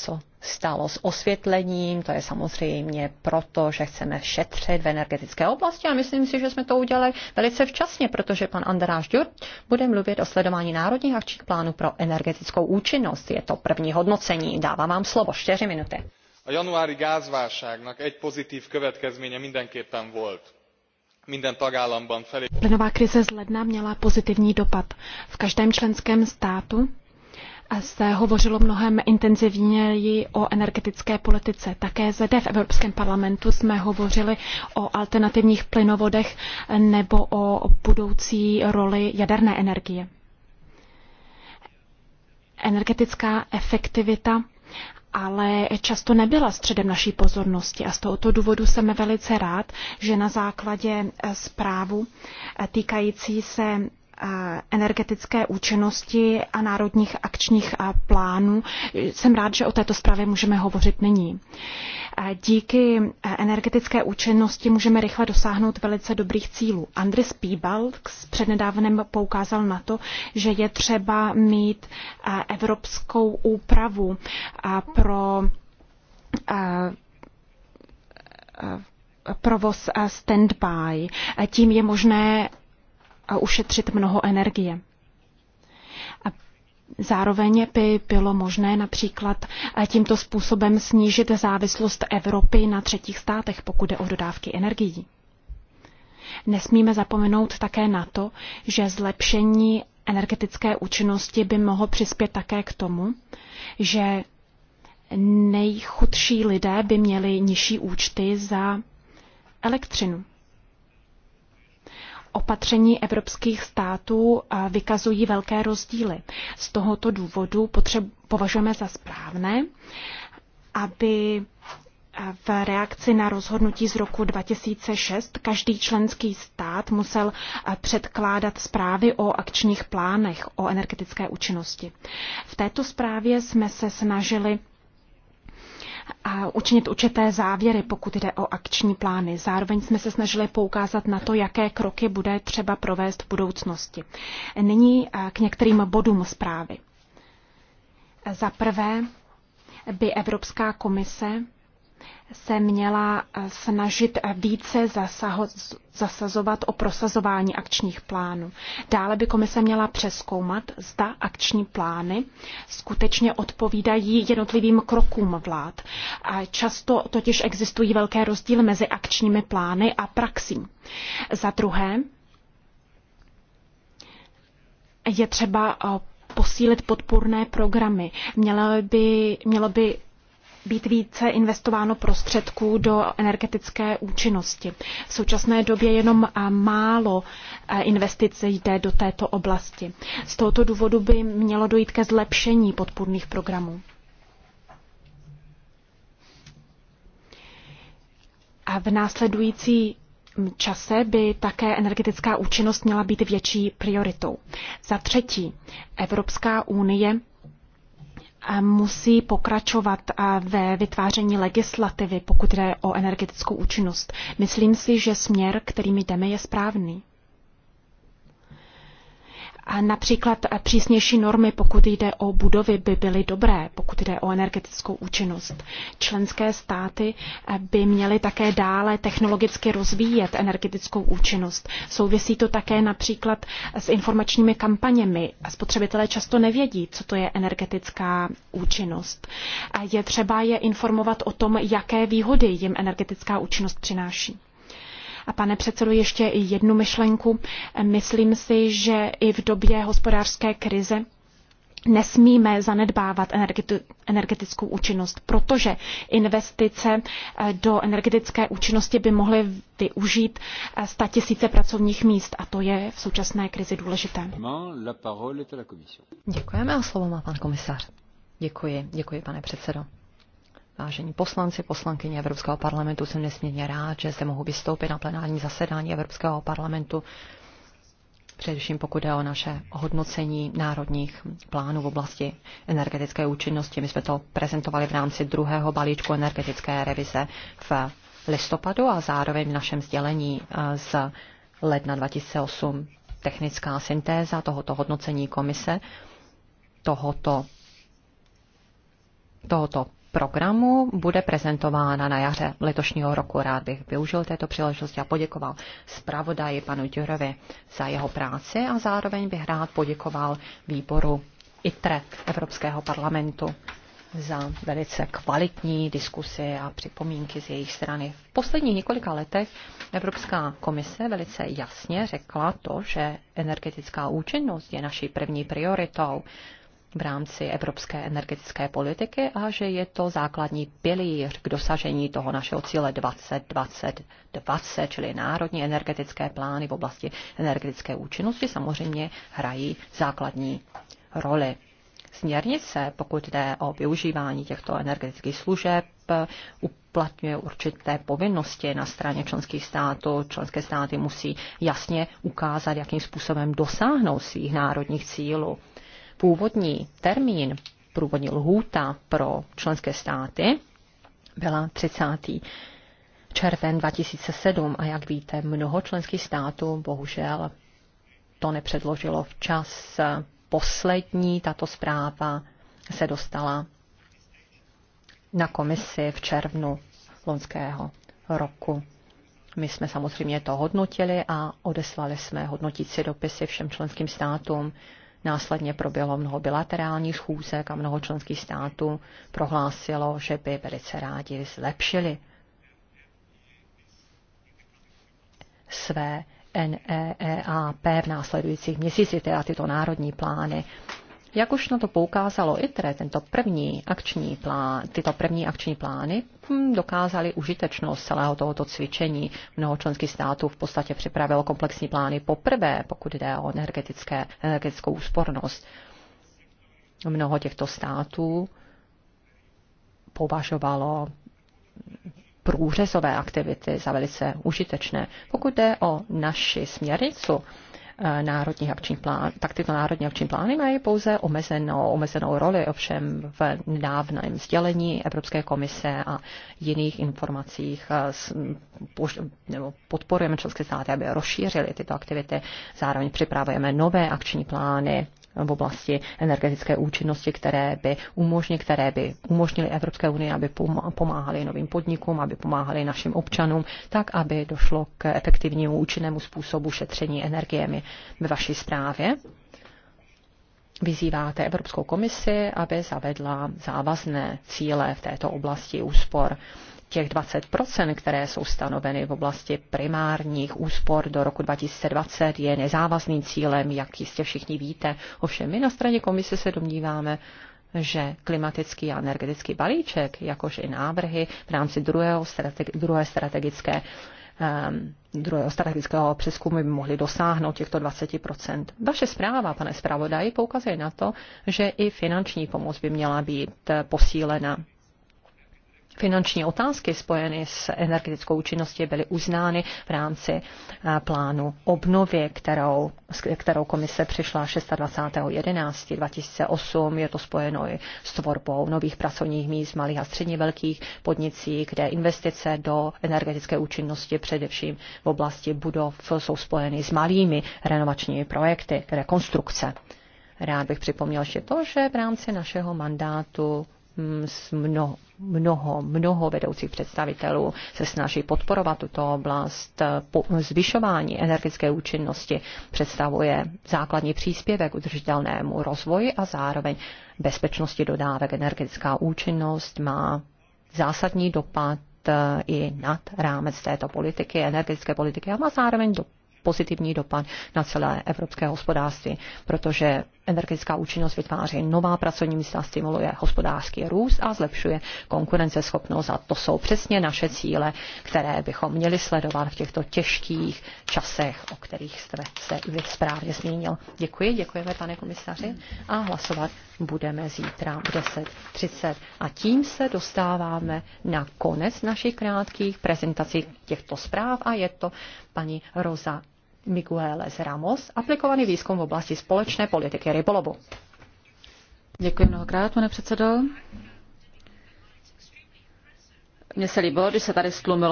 co stalo s osvětlením, to je samozřejmě proto, že chceme šetřit v energetické oblasti a myslím si, že jsme to udělali velice včasně, protože pan Andráš Dur bude mluvit o sledování národních akčních plánů pro energetickou účinnost. Je to první hodnocení. Dávám vám slovo, 4 minuty. A januári gázválságnak egy pozitív következménye mindenképpen volt. Plynová krize z ledna měla pozitivní dopad. V každém členském státu se hovořilo mnohem intenzivněji o energetické politice. Také zde v Evropském parlamentu jsme hovořili o alternativních plynovodech nebo o budoucí roli jaderné energie. Energetická efektivita ale často nebyla středem naší pozornosti a z tohoto důvodu jsem velice rád, že na základě eh, zprávu eh, týkající se energetické účinnosti a národních akčních plánů. Jsem rád, že o této zprávě můžeme hovořit nyní. Díky energetické účinnosti můžeme rychle dosáhnout velice dobrých cílů. Andris Píbalks přednedávnem poukázal na to, že je třeba mít evropskou úpravu pro provoz stand-by. Tím je možné a ušetřit mnoho energie. A zároveň by bylo možné například eh, tímto způsobem snížit závislost Evropy na třetích státech, pokud jde o dodávky energií. Nesmíme zapomenout také na to, že zlepšení energetické účinnosti by mohlo přispět také k tomu, že nejchudší lidé by měli nižší účty za elektřinu opatření evropských států vykazují velké rozdíly. Z tohoto důvodu potřeb, považujeme za správné, aby v reakci na rozhodnutí z roku 2006 každý členský stát musel předkládat zprávy o akčních plánech o energetické účinnosti. V této zprávě jsme se snažili a učinit určité závěry, pokud jde o akční plány. Zároveň jsme se snažili poukázat na to, jaké kroky bude třeba provést v budoucnosti. Nyní eh, k některým bodům zprávy. Za prvé by Evropská komise se měla eh, snažit eh, více zasazovat o prosazování akčních plánů. Dále by komise měla přeskoumat, zda akční plány skutečně odpovídají jednotlivým krokům vlád. a Často totiž existují velké rozdíly mezi akčními plány a praxí. Za druhé, je třeba eh, posílit podpůrné programy. Mělo by, mělo by být více investováno prostředků do energetické účinnosti. V současné době jenom eh, málo eh, investic jde do této oblasti. Z tohoto důvodu by mělo dojít ke zlepšení podpůrných programů. A v následující čase by také energetická účinnost měla být větší prioritou. Za třetí, Evropská unie musí pokračovat ve vytváření legislativy, pokud jde o energetickou účinnost. Myslím si, že směr, kterým jdeme, je správný například eh, přísnější normy, pokud jde o budovy, by byly dobré, pokud jde o energetickou účinnost. Členské státy eh, by měly také dále technologicky rozvíjet energetickou účinnost. Souvisí to také například s informačními kampaněmi. Spotřebitelé často nevědí, co to je energetická účinnost. Je třeba je informovat o tom, jaké výhody jim energetická účinnost přináší. A pane předsedo, ještě jednu myšlenku. Myslím si, že i v době hospodářské krize nesmíme zanedbávat energetickou účinnost, protože investice eh, do energetické účinnosti by mohly využít eh, sta tisíce pracovních míst a to je v současné krizi důležité. Děkujeme a slovo má pan komisař. Děkuji, děkuji pane předsedo. Vážení poslanci, poslankyně Evropského parlamentu, jsem nesmírně rád, že se mohu vystoupit na plenární zasedání Evropského parlamentu, především pokud je o naše hodnocení národních plánů v oblasti energetické účinnosti. My jsme to prezentovali v rámci druhého balíčku energetické revize v listopadu a zároveň v našem sdělení eh, z ledna 2008 technická syntéza tohoto hodnocení komise, tohoto, tohoto programu bude prezentována na jaře letošního roku. Rád bych využil této příležitosti a poděkoval zpravodaji panu Děrovi za jeho práci a zároveň bych rád poděkoval výboru ITRE Evropského parlamentu za velice kvalitní diskusy a připomínky z jejich strany. V posledních několika letech Evropská komise velice jasně řekla to, že energetická účinnost je naší první prioritou v rámci evropské energetické politiky a že je to základní pilíř k dosažení toho našeho cíle 2020, čili národní energetické plány v oblasti energetické účinnosti samozřejmě hrají základní roli. Směrnice, pokud jde o využívání těchto energetických služeb, uplatňuje určité povinnosti na straně členských států. Členské státy musí jasně ukázat, jakým způsobem dosáhnou svých národních cílů původní termín, původní lhůta pro členské státy byla 30. červen 2007 a jak víte, mnoho členských států bohužel to nepředložilo včas. Poslední tato zpráva se dostala na komisi v červnu loňského roku. My jsme samozřejmě to hodnotili a odeslali jsme hodnotící dopisy všem členským státům. Následně proběhlo mnoho bilaterálních schůzek a mnoho členských států prohlásilo, že by velice rádi zlepšili své NEEAP v následujících měsících, teda tyto národní plány jak už na to poukázalo ITRE, tento první akční plán, tyto první akční plány hm, dokázaly užitečnost celého tohoto cvičení. Mnoho členských států v podstatě připravilo komplexní plány poprvé, pokud jde o energetické, energetickou úspornost. Mnoho těchto států považovalo průřezové aktivity za velice užitečné. Pokud jde o naši směrnicu, Eh, národních akční plán, tak tyto národní akční plány mají pouze omezenou, omezenou roli, ovšem v nedávném sdělení Evropské komise a jiných informacích eh, s, pož, nebo podporujeme členské státy, aby rozšířili tyto aktivity. Zároveň připravujeme nové akční plány v oblasti energetické účinnosti, které by umožnily, které by umožnili Evropské unii, aby pomáhali novým podnikům, aby pomáhali našim občanům, tak, aby došlo k efektivnímu účinnému způsobu šetření energiemi ve vaší zprávě vyzýváte Evropskou komisi, aby zavedla závazné cíle v této oblasti úspor. Těch 20 které jsou stanoveny v oblasti primárních úspor do roku 2020, je nezávazným cílem, jak jistě všichni víte. Ovšem my na straně komise se domníváme, že klimatický a energetický balíček, jakož i návrhy v rámci druhého druhé strategické Ehm, druhého strategického přeskumu by mohli dosáhnout těchto 20 Vaše zpráva, pane zpravodaji, poukazuje na to, že i finanční pomoc by měla být posílena finanční otázky spojeny s energetickou účinností byly uznány v rámci eh, plánu obnovy, kterou, kterou komise přišla 26.11.2008. Je to spojeno i s tvorbou nových pracovních míst malých a středně velkých podnicích, kde investice do energetické účinnosti především v oblasti budov jsou spojeny s malými renovačními projekty, rekonstrukce. Rád bych připomněl ještě to, že v rámci našeho mandátu mm, s mnoho mnoho, mnoho vedoucích představitelů se snaží podporovat tuto oblast. zvyšování energetické účinnosti představuje základní příspěvek udržitelnému rozvoji a zároveň bezpečnosti dodávek. Energetická účinnost má zásadní dopad eh, i nad rámec této politiky, energetické politiky a má zároveň do, pozitivní dopad na celé evropské hospodářství, protože energetická účinnost vytváří nová pracovní místa, stimuluje hospodářský růst a zlepšuje konkurenceschopnost. A to jsou přesně naše cíle, které bychom měli sledovat v těchto těžkých časech, o kterých jste se vy správně zmínil. Děkuji, děkujeme, pane komisaři. A hlasovat budeme zítra v 10.30. A tím se dostáváme na konec našich krátkých prezentací těchto zpráv a je to paní Roza Miguel Ramos, aplikovaný výzkum v oblasti společné politiky rybolovu. Děkuji mnohokrát, pane předsedo. Mně se líbilo, když se tady stlumilo